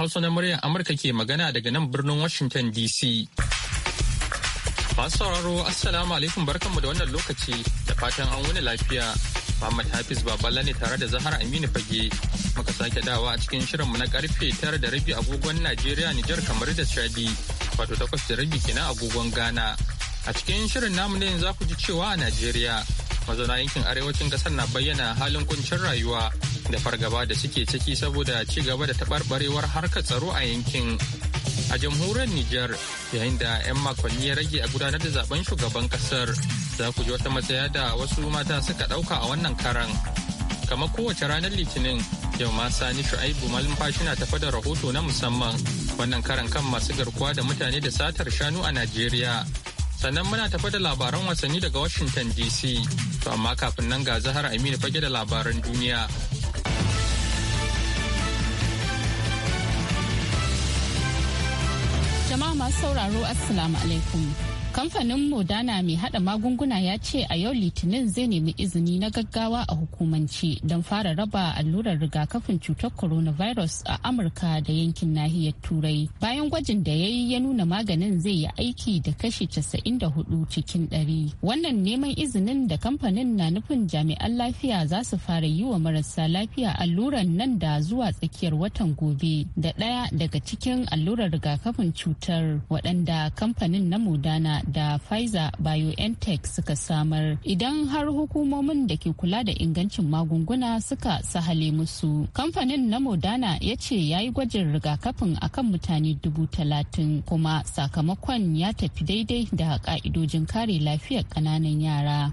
Hausa na muryar Amurka ke magana daga nan birnin Washington DC. Masu sauraro Assalamu alaikum barkanmu da wannan lokaci da fatan an wani lafiya. Muhammad Hafiz Baballa ne tare da Zahara Aminu Fage muka sake dawa a cikin shirin mu na karfe tara da rabi agogon Najeriya Nijar kamar da Chadi wato takwas da rabi kenan agogon Ghana. A cikin shirin namu ne za ku ji cewa a Najeriya mazauna yankin arewacin kasar na bayyana halin kuncin rayuwa da fargaba da suke ciki saboda ci gaba da taɓarɓarewar harkar tsaro a yankin a jamhuriyar Nijar yayin da 'yan makonni ya rage a gudanar da zaben shugaban kasar za ku ji wata matsaya da wasu mata suka ɗauka a wannan karan kamar kowace ranar litinin yau ma sani shu'aibu malumfashi na tafa da rahoto na musamman wannan karan kan masu garkuwa da mutane da satar shanu a najeriya sannan muna tafa da labaran wasanni daga washington dc to amma kafin nan ga zahar aminu fage da labaran duniya masu sauraro Assalamu alaikum. kamfanin modana mai hada magunguna ya ce a yau litinin zai nemi izini na gaggawa a hukumance don fara raba allurar rigakafin cutar coronavirus a amurka da yankin nahiyar turai bayan gwajin da ya yi ya nuna maganin zai yi aiki da kashi 94 cikin 100 wannan neman izinin da kamfanin na nufin jami'an lafiya za su fara yi wa marasa lafiya alluran nan da zuwa tsakiyar watan gobe da daya daga cikin allurar rigakafin cutar waɗanda kamfanin na modana da pfizer biontech suka samar idan har hukumomin da ke kula da ingancin magunguna suka sahale musu kamfanin na modana ya ce ya yi gwajin rigakafin akan mutane dubu talatin kuma sakamakon ya tafi daidai da ka'idojin kare lafiyar ƙananan yara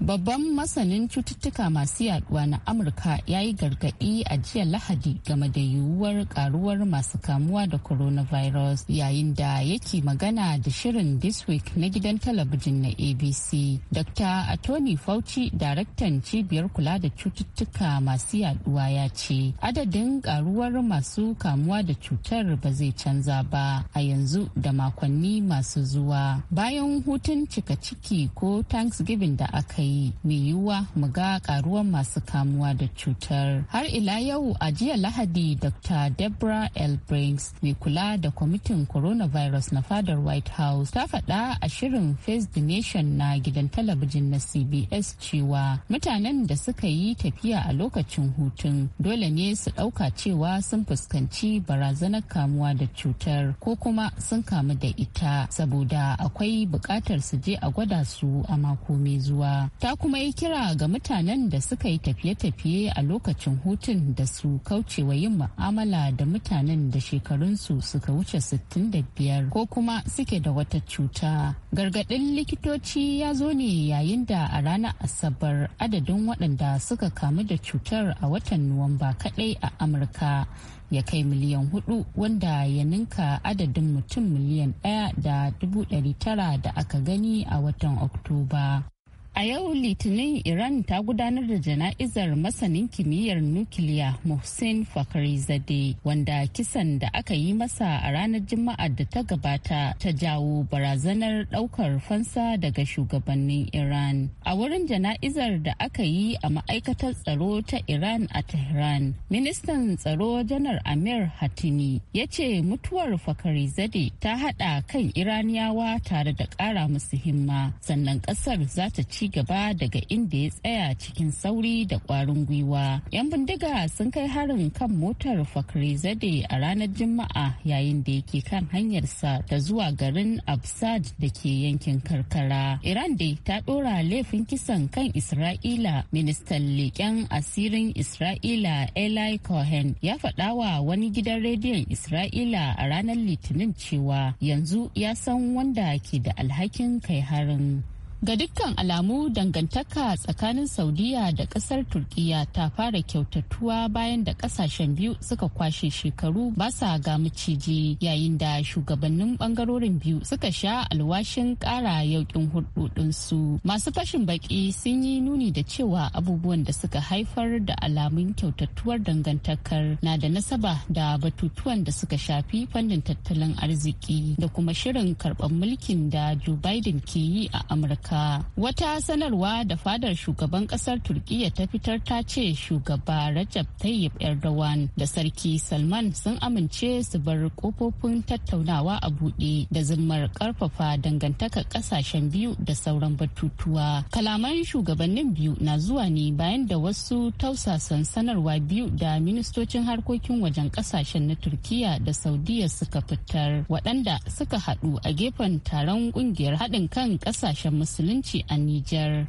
Babban masanin cututtuka masu yaduwa na Amurka ya yi gargaɗi a jiya Lahadi game da yiwuwar karuwar masu kamuwa da coronavirus yayin da yake magana da shirin This Week na gidan talabijin na ABC. Dr. Atoni Fauci, daraktan cibiyar kula da cututtuka masu yaduwa ya ce, adadin karuwar masu kamuwa da cutar ba zai canza ba a yanzu da makonni masu zuwa. Bayan hutun cika ciki ko Thanksgiving da aka yi mai yiwuwa mu ga karuwar masu kamuwa da cutar har ila yau a jiya lahadi dr debra l brinks mai kula da kwamitin coronavirus na fadar white house ta faɗa a shirin face the nation na gidan talabijin na cbs cewa mutanen da suka yi tafiya a lokacin hutun dole ne su ɗauka cewa sun fuskanci barazanar kamuwa da cutar ko kuma sun kamu da ita saboda akwai buƙatar su je a gwada su a mako mai zuwa ta kuma yi kira ga mutanen da suka yi tafiye-tafiye a lokacin hutun da su kaucewa yin ma'amala da mutanen da shekarunsu suka wuce 65 ko kuma suke da wata cuta gargaɗin likitoci ya zo ne yayin da a ranar asabar adadin waɗanda suka kamu da cutar a watan nuwamba kaɗai a amurka ya kai miliyan hudu wanda ya ninka adadin mutum miliyan ɗaya da dubu tara da aka gani a watan oktoba A yau Litinin Iran ta gudanar da jana'izar masanin kimiyyar nukiliya Mohsen fakarizade wanda kisan da aka yi masa a ranar Juma'a da ta gabata ta jawo barazanar ɗaukar fansa daga shugabannin Iran. A wurin jana'izar da aka yi a ma'aikatar tsaro ta Iran a Tehran, ministan tsaro janar Amir Hatimi ya ce mutuwar fakarizade ta haɗa kan Iraniyawa tare da ƙara musu himma sannan ƙasar za ta ci ci gaba daga inda ya tsaya cikin sauri da kwarin gwiwa. 'Yan bindiga sun kai harin kan motar Fakri Zade a ranar Juma'a yayin da yake kan hanyarsa ta zuwa garin Absad da ke yankin karkara. Iran dai ta ɗora laifin kisan kan Isra'ila. Ministan leƙen asirin Isra'ila Eli Cohen ya faɗa wa wani gidan rediyon Isra'ila a ranar Litinin cewa yanzu ya san wanda ke da alhakin kai harin. Ga dukkan alamu dangantaka tsakanin Saudiya da kasar Turkiya ta fara kyautatuwa bayan da kasashen biyu suka kwashe shekaru ba sa ga maciji yayin da shugabannin bangarorin biyu suka sha alwashin kara yaukin hurdudinsu. Masu fashin baki sun yi nuni da cewa abubuwan da suka haifar da alamun kyautatuwar dangantakar na da nasaba da batutuwan da suka shafi fannin tattalin arziki da kuma shirin karɓar mulkin da Joe Biden ke yi a Amurka. amurka wata sanarwa da fadar shugaban ƙasar turkiyya ta fitar ta ce shugaba rajab tayyip erdogan da sarki salman sun amince su bar kofofin tattaunawa a buɗe da zimmar karfafa dangantaka kasashen biyu da sauran batutuwa kalaman shugabannin biyu na zuwa ne bayan da wasu tausasan sanarwa biyu da ministocin harkokin wajen ƙasashen na turkiyya da saudiya suka fitar waɗanda suka haɗu a gefen taron ƙungiyar haɗin kan ƙasashen musulmi musulunci a Nijar.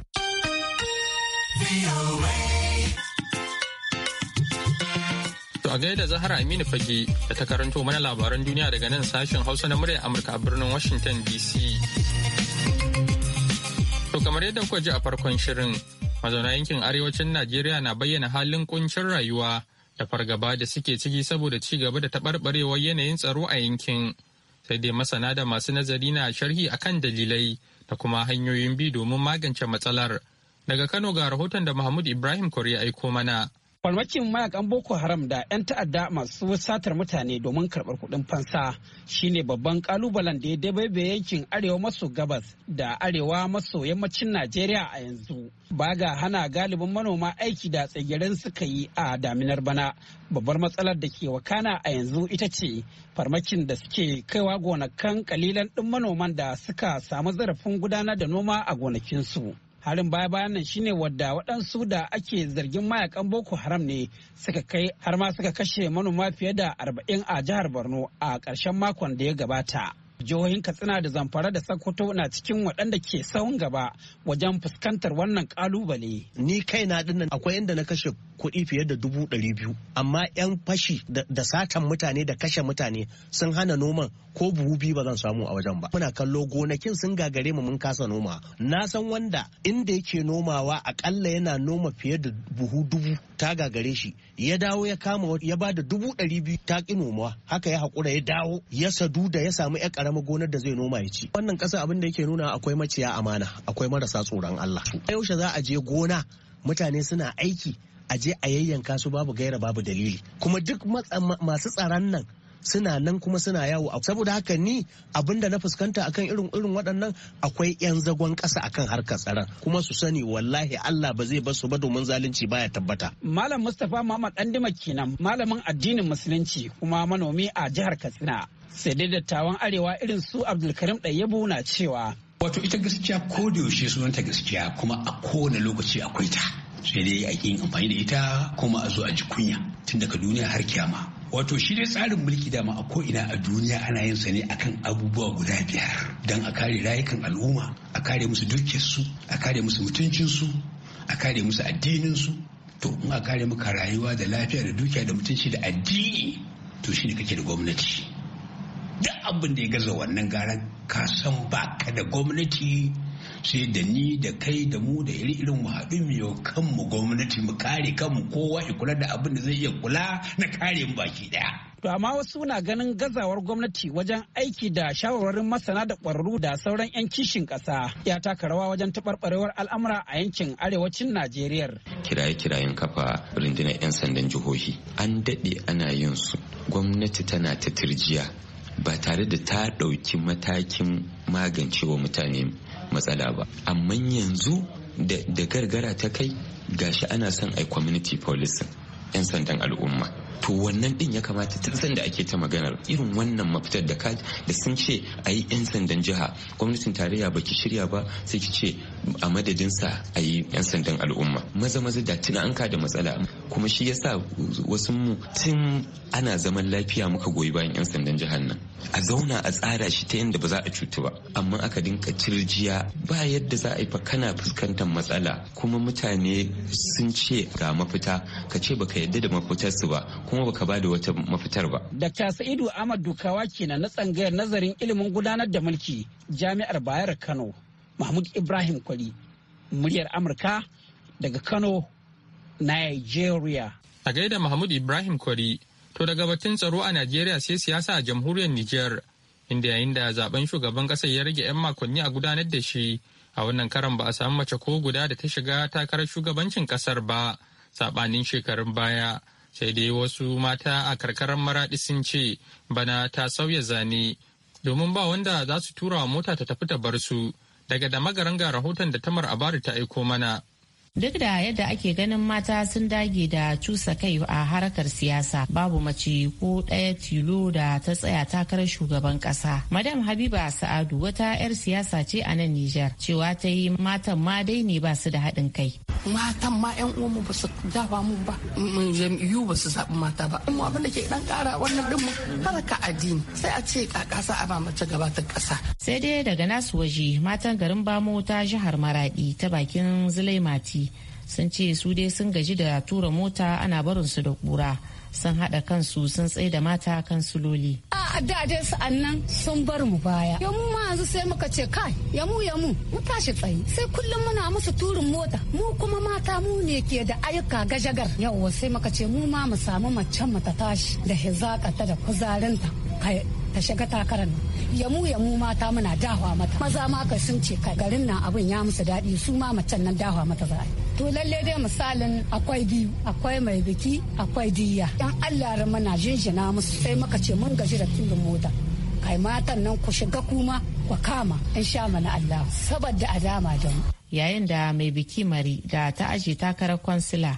To a gaida Zahara Aminu Fage da ta karanto mana labaran duniya daga nan sashen Hausa na muryar Amurka a birnin Washington DC. To kamar yadda kuka ji a farkon shirin mazauna yankin arewacin Najeriya na bayyana halin kuncin rayuwa da fargaba da suke ciki saboda ci gaba da taɓarɓarewar yanayin tsaro a yankin. Sai dai masana da masu nazari na sharhi akan dalilai da kuma hanyoyin bi domin magance matsalar. Daga Kano ga rahoton da Mahmud Ibrahim Kori ya aiko mana. farmakin mayakan boko haram da 'yan ta'adda masu satar mutane domin karbar kudin fansa shine babban kalubalen da ya dabaibe yankin arewa maso gabas da arewa maso yammacin najeriya a yanzu Ba ga hana galibin manoma aiki da tsagirin suka yi a daminar bana babbar matsalar da ke wakana a yanzu ita ce farmakin da suke kaiwa gonakan kalilan ɗin manoman da suka samu zarafin gudanar da noma a gonakinsu harin baya bayan nan shine wadda waɗansu da ake zargin mayakan boko haram ne suka kai har ma suka kashe manoma fiye da arba'in a jihar borno a ƙarshen makon da ya gabata jihohin katsina da zamfara da sokoto na cikin waɗanda ke sahun gaba wajen fuskantar wannan ƙalubale ni kaina dinnan akwai inda na kashe kuɗi fiye da dubu ɗari biyu amma 'yan fashi da satan mutane da kashe mutane sun hana noman ko buhu biyu ba zan samu a wajen ba muna kallo gonakin sun gagare mu mun kasa noma na san wanda inda yake nomawa akalla yana noma fiye da buhu dubu ta gagare shi ya dawo ya kama ya ba da dubu ɗari biyu ta ƙi nomawa haka ya haƙura ya dawo ya sadu da ya samu ya ƙarama gonar da zai noma ya ci wannan ƙasa abin da yake nuna akwai maciya amana akwai marasa tsoron Allah yaushe za a je gona mutane suna aiki a je a yayyanka su babu gaira babu dalili kuma duk masu tsaron nan suna nan kuma suna yawo saboda haka ni abinda na fuskanta akan irin irin waɗannan akwai 'yan zagon ƙasa akan harkar tsaron kuma su sani wallahi Allah ba zai su ba domin zalunci baya tabbata malam Mustapha Muhammad Dandima kenan malamin addinin musulunci kuma manomi a jihar Katsina sai dai dattawan arewa irin su Abdulkarim Ɗayyabu na cewa wato ita gaskiya ko da yaushe sunanta gaskiya kuma a kowane lokaci akwai ta sai dai a yin amfani da ita kuma a zo a ji kunya tun daga duniya har kiyama wato shi dai tsarin mulki dama a ko'ina a duniya ana yin sa ne akan abubuwa guda biyar don a kare rayukan al'umma a kare musu dukiyarsu a kare musu mutuncinsu a kare musu addininsu to in a kare muka rayuwa da lafiya da dukiya da mutunci da addini to shine kake da gwamnati duk abin da ya gaza wannan gara ka san ba ka da gwamnati sai da ni da kai da mu da iri irin mu haɗu mu yau kanmu gwamnati mu kare kanmu kowa ya kula da abin da zai iya kula na kare mu baki daya To amma wasu na ganin gazawar gwamnati wajen aiki da shawarwarin masana da ƙwararru da sauran 'yan kishin ƙasa ya taka rawa wajen taɓarɓarewar al'amura a yankin arewacin Najeriya. Kiraye-kirayen kafa rundunar 'yan sandan jihohi an daɗe ana yin su gwamnati tana ta tirjiya ba tare da ta ɗauki matakin magancewa mutane matsala ba amma yanzu da gargara ta kai gashi ana son ai community policing 'yan sandan al'umma to wannan din ya kamata ta san da ake ta maganar irin wannan mafitar da ka da sun ce a yi 'yan sandan jiha gwamnatin tarayya baki shirya ba sai ki ce a madadin sa a yi 'yan sandan al'umma maza maza da tuna an ka da matsala kuma shi yasa wasu mu tun ana zaman lafiya muka goyi bayan 'yan sandan jihar nan a zauna a tsara shi ta yadda ba za a cutu ba amma aka dinka cirjiya ba yadda za a yi kana fuskantar matsala kuma mutane sun ce ga mafita ka ce baka yadda da mafitarsu ba kuma baka ba da wata mafitar ba. Dr. Sa'idu Ahmad Dukawa kenan na tsangayar nazarin ilimin gudanar da mulki Jami'ar Bayar Kano. Mahmud Ibrahim Kwali, muryar Amurka daga Kano, Nigeria. A gaida Mahmud Ibrahim Kwari, to daga batun tsaro a Najeriya sai siyasa a jamhuriyar Nijar, inda yayin da zaben shugaban ƙasar ya rage 'yan makonni a gudanar da shi, a wannan karan ba a samu mace ko guda da ta shiga takarar shugabancin ƙasar ba, saɓanin shekarun baya. sai dai wasu mata a karkarar maraɗi sun ce bana ta sauya zane domin ba wanda za su tura wa mota ta tafi ta bar su daga damagaran ga rahoton da tamar abari ta aiko mana duk da yadda ake ganin mata sun dage da cusa kai a harkar siyasa babu mace ko ɗaya tilo da ta tsaya takarar shugaban ƙasa madam habiba sa'adu wata 'yar siyasa ce a nan nijar cewa ta yi matan ma dai ne ba su da haɗin kai matan ma 'yan uwanmu ba su dafa mu ba jam'iyyu ba su zaɓi mata ba mu abin da ke dan ƙara wannan ɗin mu ka addini sai a ce ƙaƙasa a ba mace gabatar ƙasa sai dai daga nasu waje matan garin bamo ta jihar maradi ta bakin zulaimati sun ce su dai sun gaji da tura mota ana barin su da kura sun haɗa kansu sun tsaye da mata kan loli. A dajen sa'an nan sun bar mu baya. Yamu ma yanzu sai muka ce kai yamu yamu mu tashi tsaye sai kullum muna musu turin mota mu kuma mata mu ne ke da ayyuka gajagar. Yawwa sai muka ce mu ma mu samu macen mu ta tashi da hizaka ta da kuzarinta. ta shiga takarar yamu yamu mata muna dahwa mata maza ma ka sun ce kai garin nan abin ya musu daɗi su ma macen nan dahwa mata za a to lalle dai misalin akwai biyu akwai mai biki akwai diya dan Allah mana jinjina musu sai muka ce mun gaji da tundun mota kai matan nan ku shiga kuma ku kama in sha mana Allah saboda a dama da mu yayin da mai biki mari da ta aje takarar kwansila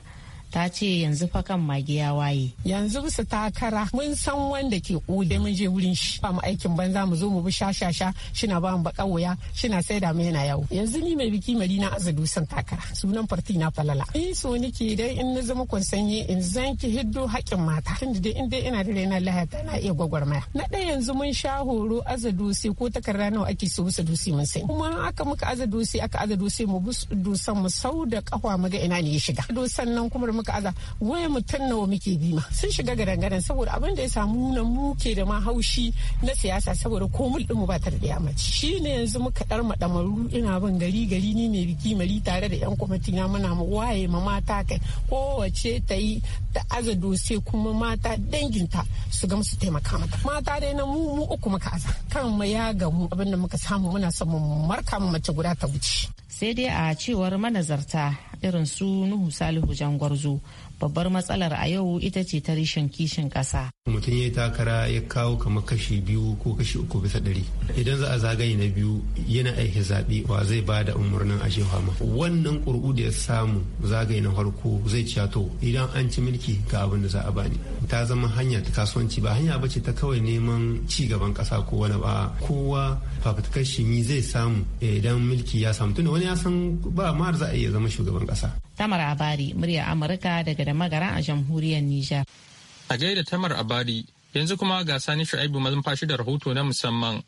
ta ce yanzu fa kan mage ya waye. Yanzu su takara mun san wanda ke kude mun je wurin shi ba mu aikin banza mu zo mu bi shashasha shina ba mu baka wuya shina sai da yana yawo. Yanzu ni mai biki na azudu san takara sunan farti na falala. Ni so nake dai in na zama kun sanye in zan hiddo haƙƙin mata. Tunda dai in dai ina da raina lahata na iya gwagwarmaya. Na ɗaya yanzu mun sha horo azudu sai ko takarda nawa ake so su dusi mun sai. Kuma aka muka azudu sai aka azudu sai mu dusan mu sau da kafa mu ga ina ne ya shiga. Dusan nan kuma muka aza wai mutum nawa muke bi ma sun shiga garan saboda abin da ya samu na muke da ma haushi na siyasa saboda komul ɗinmu ba ta da yamaci shi ne yanzu muka ɗar maɗamaru ina bin gari gari ni mai biki mari tare da yan kwamitin ya muna mu waye ma mata kai kowace ta yi ta aza dose kuma mata danginta su ga su taimaka mata mata dai na mu mu uku muka aza kan mu ya gamu abin da muka samu muna son mu marka mu mace guda ta wuce sai dai a cewar manazarta irin su nuhu salihu jangwarzo babbar matsalar a yau ita ce ta rishin kishin kasa. mutum ya yi takara ya kawo kamar kashi biyu ko kashi uku bisa ɗari idan za a zagaye na biyu yana aiki zaɓe wa zai ba da umarnin ashe fama wannan ƙurƙu da ya samu zagaye na farko zai ci to idan an ci mulki ga abin da za a bani ta zama hanya ta kasuwanci ba hanya bace ta kawai neman ci gaban kasa ko wani ba kowa fafutukar shi zai samu eh, idan mulki ya samu tunda wani ya san ba ma za a iya zama shugaban kasa. Tamar Abari, murya Amurka daga da magara a jamhuriyar Nijar. A gaida Tamar Abari, yanzu kuma ga sani Shu'aibu malumfashi da rahoto na musamman.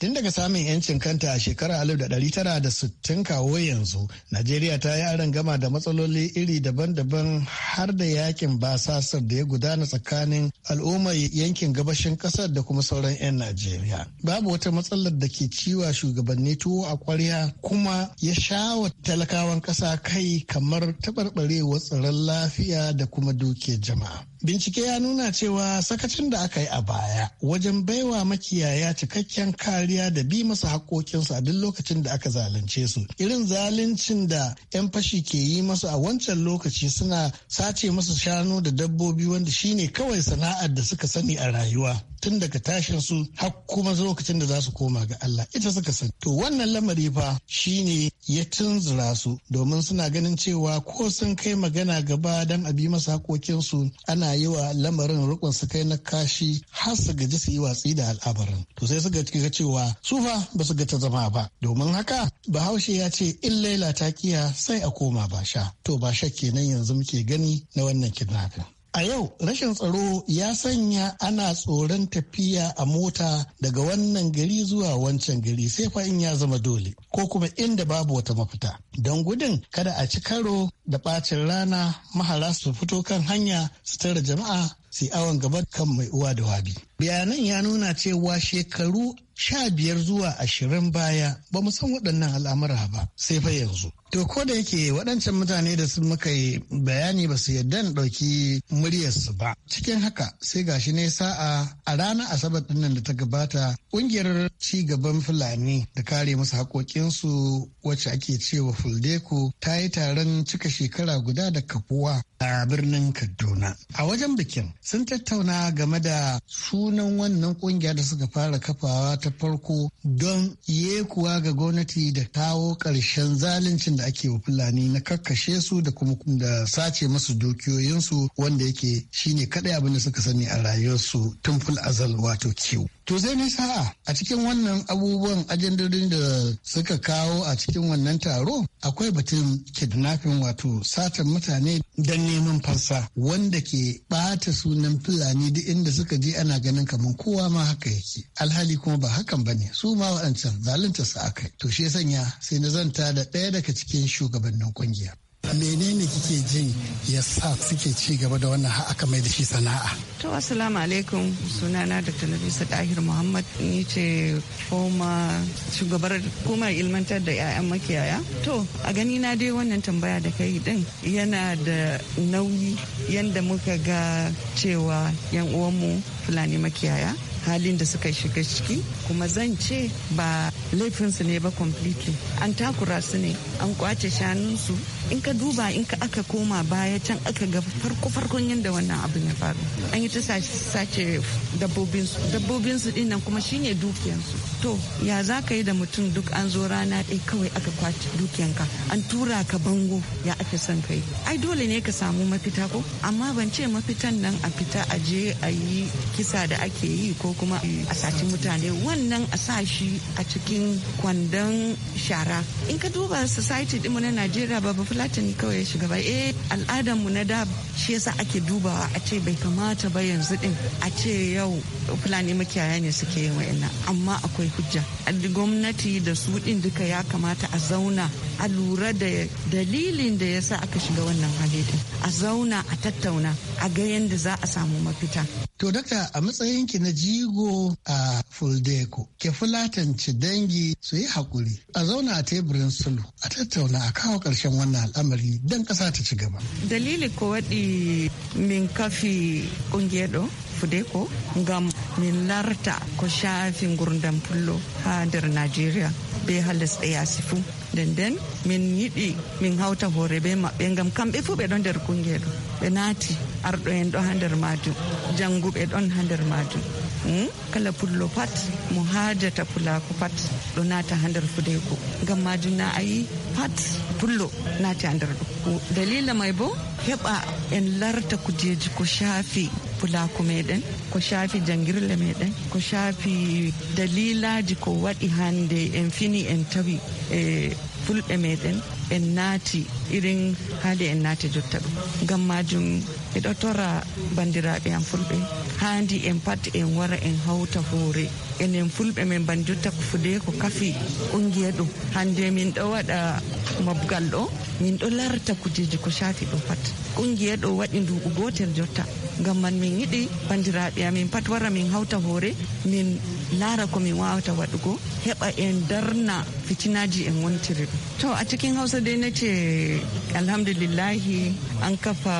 Tun daga samun 'yancin kanta a shekarar sittin kawo yanzu, Najeriya ta yi gama da matsaloli iri daban-daban har da yakin basasar da ya gudana tsakanin al'ummar yankin gabashin kasar da kuma sauran 'yan Najeriya. Babu wata matsalar da ke ciwa shugabanni tuwo a kwarya kuma ya shawa talakawan ƙasa kai kamar taɓarɓarewar tsaron lafiya da kuma dukiyar jama'a. Bincike ya nuna cewa sakacin da aka yi a baya wajen baiwa makiyaya cikakken kari. kariya da bi masa haƙoƙinsu a duk lokacin da aka zalunce su irin zaluncin da 'yan fashi ke yi masu a wancan lokaci suna sace masu shanu da dabbobi wanda shine kawai sana'ar da suka sani a rayuwa tun daga tashin su har kuma lokacin da za su koma ga Allah ita suka sani to wannan lamari fa shine ya tunzura su domin suna ganin cewa ko sun kai magana gaba dan a bi masa su ana yi wa lamarin rukun su kai na kashi har su gaji su yi watsi da al'abarin to sai suka cewa cewa sufa ba su ga ta zama ba domin haka bahaushe ya ce in laila ta kiya sai a koma basha to basha kenan yanzu muke gani na wannan kidnapping A yau rashin tsaro ya sanya ana tsoron tafiya a mota daga wannan gari zuwa wancan gari sai fa'in ya zama dole ko kuma inda babu wata mafita. Don gudun kada a ci karo da ɓacin rana mahara su fito kan hanya su tara jama'a su awon gaba kan mai uwa da wabi. Bayanan ya nuna cewa shekaru sha biyar zuwa ashirin baya ba mu san waɗannan al'amura ba sai fa yanzu. To ko da yake waɗancan mutane da sun muka yi bayani ba su yadda na ɗauki muryarsu ba. Cikin haka sai gashi ne sa'a a ranar Asabar ɗin nan da ta gabata ƙungiyar ci gaban Fulani da kare musu haƙoƙinsu wacce ake cewa Fuldeko ta yi taron cika shekara guda da kafuwa a birnin Kaduna. A wajen bikin sun tattauna game da sunan wannan kungiya da suka fara kafawa ta farko don yekuwa ga gwamnati da kawo ƙarshen zaluncin da ake wa fulani na karkashe su da kuma da sace masu dukiyoyinsu wanda yake shine kadai abin da suka sani a rayuwarsu tun azal wato kiwo. To sai ne sa'a a cikin wannan abubuwan ajandodin da suka kawo a cikin wannan taro akwai batun kidnapping wato satan mutane don neman fansa wanda ke bata sunan fulani duk inda suka je ana ganin kamar kowa ma haka yake alhali kuma ba hakan bane su ma waɗancan zalunta su akai to shi sanya sai na zanta da ɗaya daga cikin shugabannin kungiya. menene kike jin ya sa suke ci gaba da wannan har aka mai da shi sana'a to assalamu alaikum sunana da talabisa dahir muhammad ni ce koma shugabar hukumar ilmantar da 'ya'yan makiyaya to a gani na dai wannan tambaya da kai din yana da nauyi yadda muka ga cewa 'yan uwanmu fulani makiyaya halin da suka shiga ciki kuma zan ce ba laifinsu ne ba completely an takura su ne an kwace shanunsu in ka duba in ka aka koma baya can aka ga farko farkon yadda wannan abin ya faru an yi ta sace dabbobinsu dabbobinsu din nan kuma shine dukiyansu to ya za ka yi da mutum duk an zo rana ɗaya kawai aka kwace dukiyanka an tura ka bango ya ake son kai ai dole ne ka samu mafita ko amma ban ce mafitan nan a fita a je a yi kisa da ake yi ko kuma a saci mutane wannan a sa shi a cikin kwandon shara in ka duba society dinmu na najeriya ba fulatani kawai ya shiga ba eh, al'adar mu na da shi yasa ake dubawa a ce bai kamata ba yanzu din a ce yau fulani makiyaya ne suke yin wa'annan amma akwai hujja gwamnati da su din duka ya kamata a zauna a lura da dalilin da yasa aka shiga wannan hali din a zauna a tattauna a ga yanda za a samu mafita to dakta a matsayin na ji. Igo a Fuldeko. Ke fulatanci dangi su yi haƙuri. A zauna a teburin sulu a tattauna a kawo ƙarshen wannan al'amari don ƙasa ta ci gaba. Dalili ko waɗi min kafi ƙungiyar ɗo? Fudeko ngam min larta ko shafin gurdan pullo ha nder Najeriya be halas ya sifu. nden den min yiɗi min hawta hoore be maɓɓe ngam kamɓe fuu ɓe ɗo nder kungel ɗo ɓe naati arɗo en ɗo ha nder majum janguɓe ɗon ha nder majum hmm? kala pullo pat mo haajata pulaako pat ɗo naata ha nder fudeko ngam majum na ayi pat pullo naati ha nder ɗo dalila may bo heɓa en larta kujeji ko shaafi pulaako meɗen ko shafi jangirle meɗen ko shafi dalilaji ko waɗi hande en fini en tawi e fulɓe meɗen en naati irin hade en nati jotta ɗum ngam majum ɗo torra bandiraɓe am fulɓe handi en pat en wara en hawta hoore enen fulɓe men ban jotta ko fude ko kafi ungiya ɗum hande min ɗo waɗa mobgal ɗo min ɗo larta kujeji ko shafi ɗo pat ungiya ɗo waɗi nduɓu gotel jotta ngam man min yiɗi bandiraɓe amin pat wara min hawta hoore min laara min wawata waɗugo heɓa en darna fitinaji en wontiri ɗum to a cikin hausa dai nace alhamdulillahi an kafa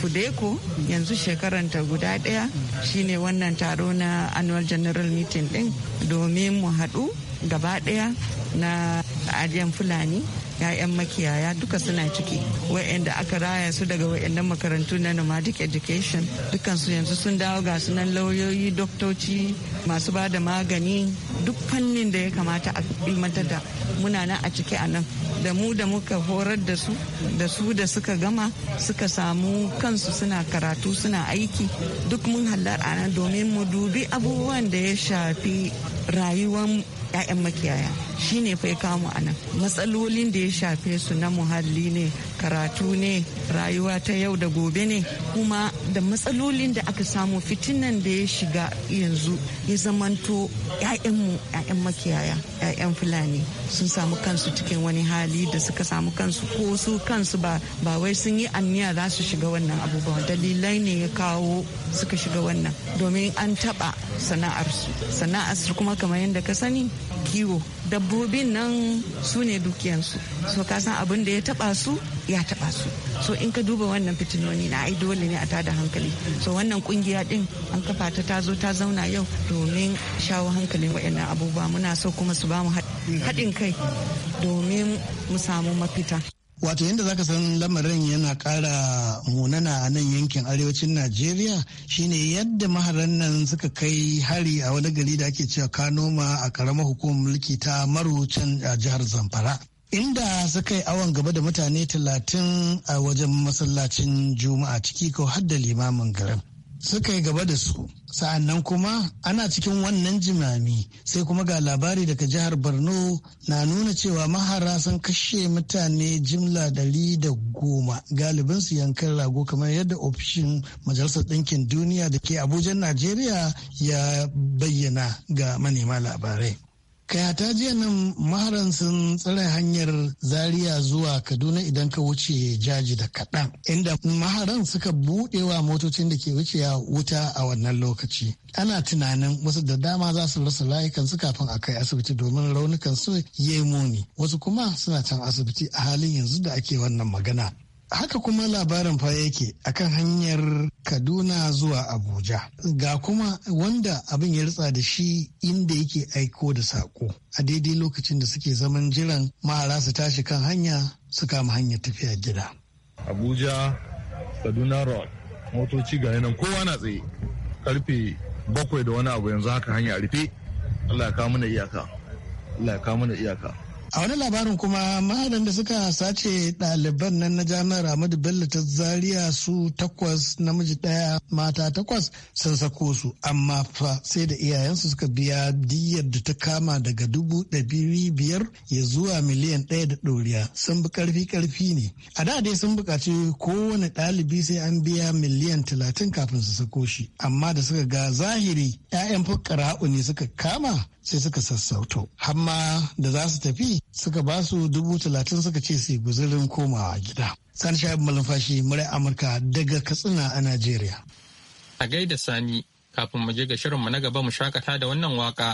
fudeko yanzu shekaranta guda ɗaya shine wannan taro na annual general meeting din domin mu haɗu gaba daya na adiyan fulani 'ya'yan makiyaya duka suna ciki wa'anda aka raya su daga wa'annan makarantu na nomadic education dukansu yanzu sun dawo ga sunan lauyoyi doktoci masu ba da magani duk fannin da ya kamata a ilmantar da muna nan a ciki a nan da mu da muka horar da su da su da suka gama suka samu kansu suna karatu suna aiki duk mun hallar a nan domin mu dubi abubuwan da ya shafi rayuwar 'ya'yan makiyaya shine fa ya kamu a nan matsalolin da ya shafe su na muhalli ne karatu ne rayuwa ta yau da gobe ne kuma da matsalolin da aka samu fitinan da ya shiga yanzu ya zamanto 'ya'yanmu 'ya'yan makiyaya 'ya'yan fulani sun samu kansu cikin wani hali da suka samu kansu ko su kansu ba ba wai sun yi anniya za su shiga wannan abubuwa dalilai ne ya kawo suka shiga wannan domin an taba sana'arsu sana'arsu kuma kamar yadda ka sani kiwo dabbobin nan su ne dukiyansu so ka san abin da ya taba su ya taba su so in ka duba wannan fitinoni na ai dole ne a tada hankali so wannan kungiya din an kafa ta ta zo ta zauna yau domin shawo hankalin waɗannan abubuwa muna so kuma su ba mu haɗin kai domin mu samu mafita wato yadda zaka san lamarin yana kara munana a nan yankin arewacin najeriya shine yadda maharan nan suka kai hari a wani gari da ake cewa noma a karamar hukumar mulki ta marocin a jihar zamfara inda suka yi awon gaba da mutane talatin a wajen masallacin juma'a ciki ko har da limamin garin suka yi gaba da su sa'annan kuma ana cikin wannan jimami sai kuma ga labari daga jihar borno na nuna cewa mahara sun kashe mutane jimla dari da goma galibin su yankan rago kamar yadda ofishin majalisar ɗinkin duniya da ke abuja najeriya ya bayyana ga manema labarai Kaya ta jiya nan maharan sun tsare hanyar Zaria zuwa Kaduna idan ka wuce jaji da kaɗan, inda maharan suka buɗewa motocin da ke wucewa wuta a wannan lokaci. Ana tunanin wasu da dama za su rasa layukan su kafin a kai asibiti domin raunukan su yi muni, wasu kuma suna can asibiti a halin yanzu da ake wannan magana. haka kuma labarin fa yake akan hanyar kaduna zuwa abuja ga kuma wanda abin ya ritsa da shi inda yake aiko da sako a daidai lokacin da suke zaman jiran mahara su tashi kan hanya su kama hanyar tafiya gida abuja kaduna road motoci ga nan kowa na tsaye karfe bakwai da wani abu yanzu haka hanya rufe allah ya kawo mana iyaka allah ya kawo mana iyaka A wani labarin kuma mahadan da suka sace ɗaliban nan na jami'ar Ahmadu Bello ta Zaria su takwas namiji ɗaya mata takwas sun sako su amma fa sai da iyayensu suka biya diyyar da ta kama daga dubu ɗari biyar ya zuwa miliyan ɗaya da ɗoriya sun bi ƙarfi ƙarfi ne. A da dai sun buƙaci kowane ɗalibi sai an biya miliyan talatin kafin su sako shi amma da suka ga zahiri 'ya'yan fukara'u ne suka kama sai suka sassauto hamma da za su tafi suka ba su dubu talatin suka ce su guzurin komawa gida sani shahab malumfashi murai amurka daga katsina a najeriya a gaida sani kafin mu je ga shirinmu na gaba mu shakata da wannan waka.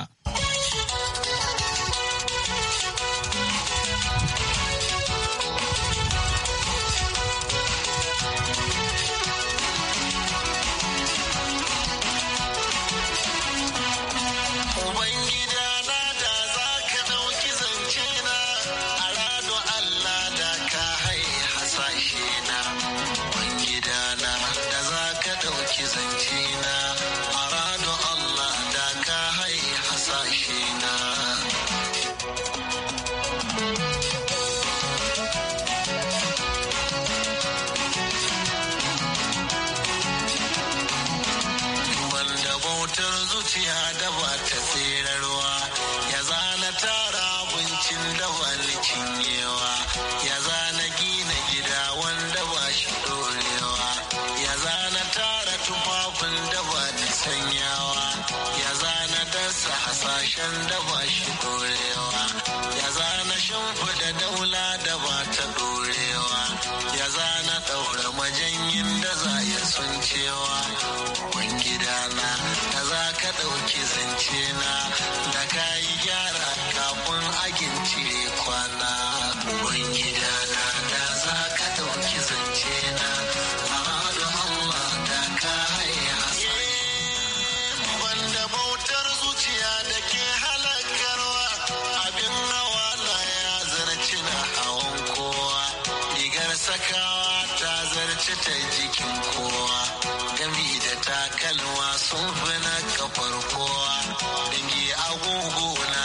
Cheese. talakawa ta zarce ta jikin kowa gami da takalma sun fi na kafar kowa dangi agogo na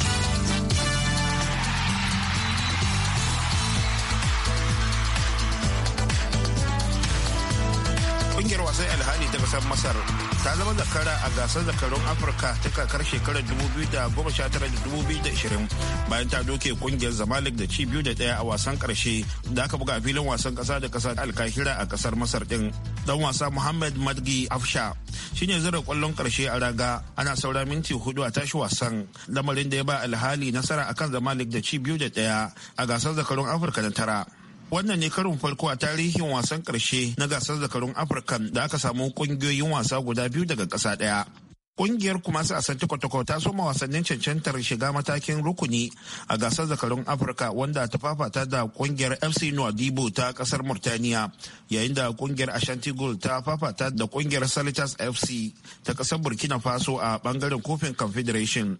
kungiyar wasan alhali ta kasar masar ta zama zakara a gasar zakarun afirka ta kakar shekarar 2019-2020 bayan ta doke kungiyar zamalek da ci biyu da daya a wasan karshe da aka buga filin wasan kasa da kasa alkahira a kasar masar din dan wasa muhammad madgi afsha shine zira kwallon karshe a raga ana saura minti hudu a tashi wasan lamarin da ya ba alhali nasara akan zamalek da ci biyu da daya a gasar zakarun afirka na tara wannan ne karin farko a tarihin wasan karshe na gasar zakarun afirka da aka samu kungiyoyin wasa guda biyu daga ƙasa ɗaya Kungiyar kuma su asanti kwatakwa ta soma wasannin cancantar shiga matakin rukuni a gasar zakarun Afirka wanda ta fafata da kungiyar FC Nwadibo ta kasar Murtaniya yayin da kungiyar Ashanti Gold ta fafata da kungiyar Salitas FC ta kasar Burkina Faso a bangaren kofin Confederation.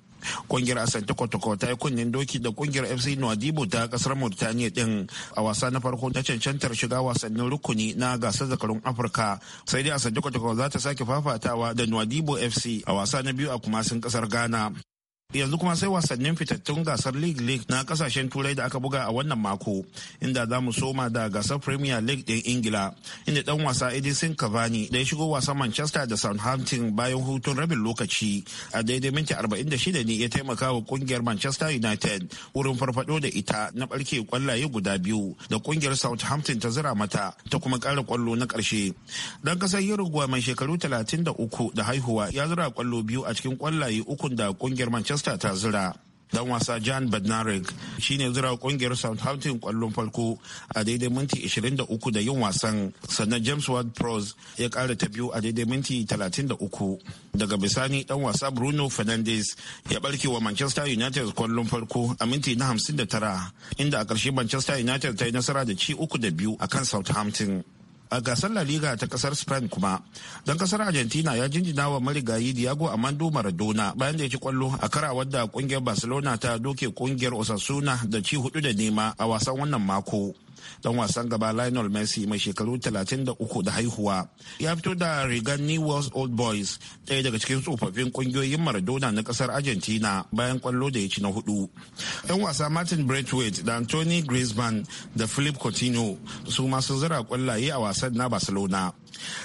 kungiyar asante kotoko ta yi kunnen doki da kungiyar fc nwadibo ta kasar mauritania din a wasa na farko na cancantar shiga wasannin rukuni na gasar zakarun afirka sai dai asante kotoko za ta sake fafatawa da nwadibo fc a wasa na biyu a kumasin kasar ghana yanzu kuma sai wasannin fitattun gasar league league na kasashen turai da aka buga a wannan mako inda za mu soma da gasar premier league din ingila inda dan wasa edison cavani da ya shigo wasan manchester da southampton bayan hutun rabin lokaci a daidai minti 46 ne ya taimaka wa kungiyar manchester united wurin farfado da ita na barke kwallaye guda biyu da kungiyar southampton ta zira mata ta kuma kara kwallo na karshe dan kasar uruguay mai shekaru 33 da haihuwa ya zira kwallo biyu a cikin kwallaye ukun da kungiyar manchester manchester ta zira dan wasa john bednarik shine zira kungiyar southampton kwallon farko a daidai minti 23 da yin wasan sannan james ward pros ya kara ta biyu a daidai minti 33 daga bisani dan wasa bruno fernandes ya barke wa manchester united kwallon farko a minti na 59 inda a karshe manchester united ta yi nasara da ci uku da biyu akan southampton a gasar la liga ta kasar spain kuma dan kasar argentina ya jinjina wa marigayi diego amando maradona bayan da ya ci kwallo a karawar wadda kungiyar barcelona ta doke kungiyar osasuna da ci hudu da nema a wasan wannan mako dan wasan gaba lionel messi mai shekaru 33 da haihuwa ya fito da rigar World old boys ɗaya daga cikin tsofaffin ƙungiyoyin maradona na ƙasar argentina bayan ƙwallo da ya ci na hudu yan wasa martin braithwaite da anthony griezmann da philip coutinho su masu sun zira kwallaye a wasan na barcelona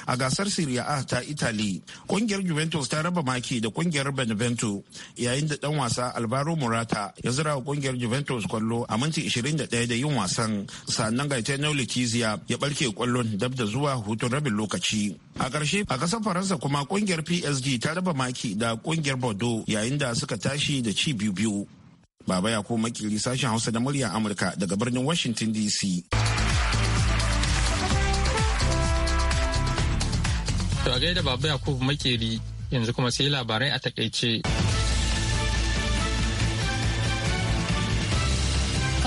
a gasar Serie A ta Italy. Kungiyar Juventus ta raba maki da kungiyar Benevento yayin da dan wasa Alvaro Morata ya zira wa kungiyar Juventus kwallo a minti 21 da yin wasan sannan Tenno Letizia ya barke kwallon dab da zuwa hutun rabin lokaci. A ƙarshe a ƙasar Faransa kuma kungiyar PSG ta raba maki da kungiyar Bordeaux yayin da suka tashi da ci biyu biyu. Baba ya kuma makili sashen Hausa da murya Amurka daga birnin Washington DC. To a gaida Baba Yakubu Makeri yanzu kuma sai labarai a takaice.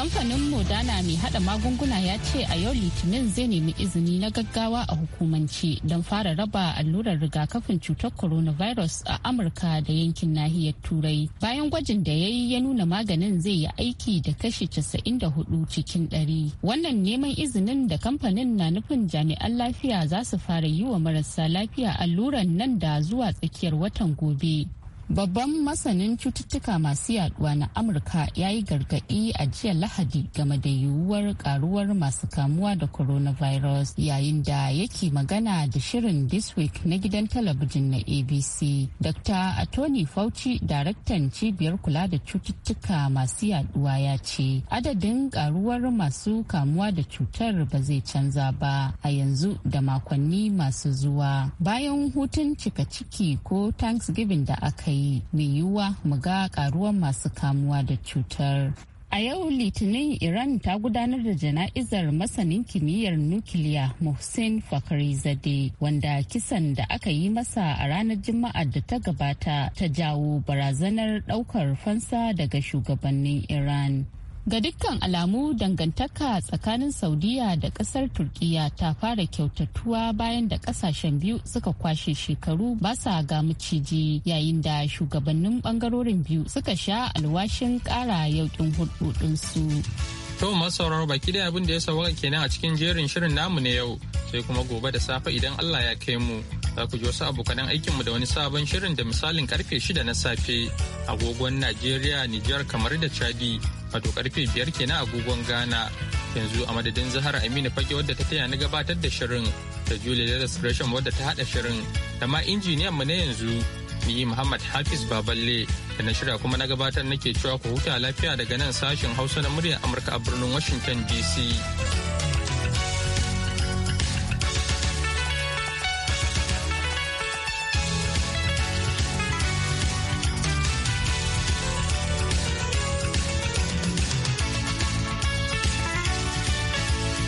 kamfanin modana mai hada magunguna ya ce a yau litinin zai nemi izini na gaggawa a hukumance don fara raba allurar rigakafin cutar coronavirus a amurka da yankin nahiyar turai bayan gwajin da ya yi ya nuna maganin zai yi aiki da kashi 94 cikin 100 wannan neman izinin da kamfanin na nufin jami'an lafiya za su fara yi wa marasa lafiya alluran nan da zuwa tsakiyar watan gobe Babban masanin cututtuka masu yaduwa na Amurka ya yi gargaɗi a jiya Lahadi game da yiwuwar karuwar masu kamuwa da coronavirus yayin da yake magana da shirin This Week na gidan talabijin na ABC. Dr. Atoni Fauci, daraktan cibiyar kula da cututtuka masu yaduwa ya ce, adadin karuwar masu kamuwa da cutar ba zai canza ba a yanzu da makonni masu zuwa. Bayan hutun cika ciki ko Thanksgiving da aka yi yanayi mai yiwuwa mu ga karuwar masu kamuwa da cutar A yau Litinin Iran ta gudanar da jana'izar masanin kimiyyar nukiliya Mohsen zade wanda kisan da aka yi masa a ranar Juma'a da ta gabata ta jawo barazanar daukar fansa daga shugabannin Iran. Ga dukkan alamu dangantaka tsakanin Saudiya da kasar Turkiya ta fara kyautatuwa bayan da kasashen biyu suka kwashe shekaru ba sa ga maciji yayin da shugabannin bangarorin biyu suka sha alwashin kara yaukin hulɗoɗinsu. To masauraro baki da abin da ya sauka kenan a cikin jerin shirin namu na yau sai kuma gobe da safe idan Allah ya kai mu za ku ji wasu abokanan aikinmu da wani sabon shirin da misalin karfe shida na safe agogon Najeriya, Nijar kamar da Chadi wato karfe biyar kenan a agogon ghana yanzu a madadin zahara aminu fage wadda ta taya na gabatar da shirin da julia leathers gresham wadda ta hada shirin da ma injiniyan mu na yanzu ni muhammad hafiz baballe da na shirya kuma na gabatar nake cewa ku huta lafiya daga nan sashen hausa na muryar amurka a birnin washington dc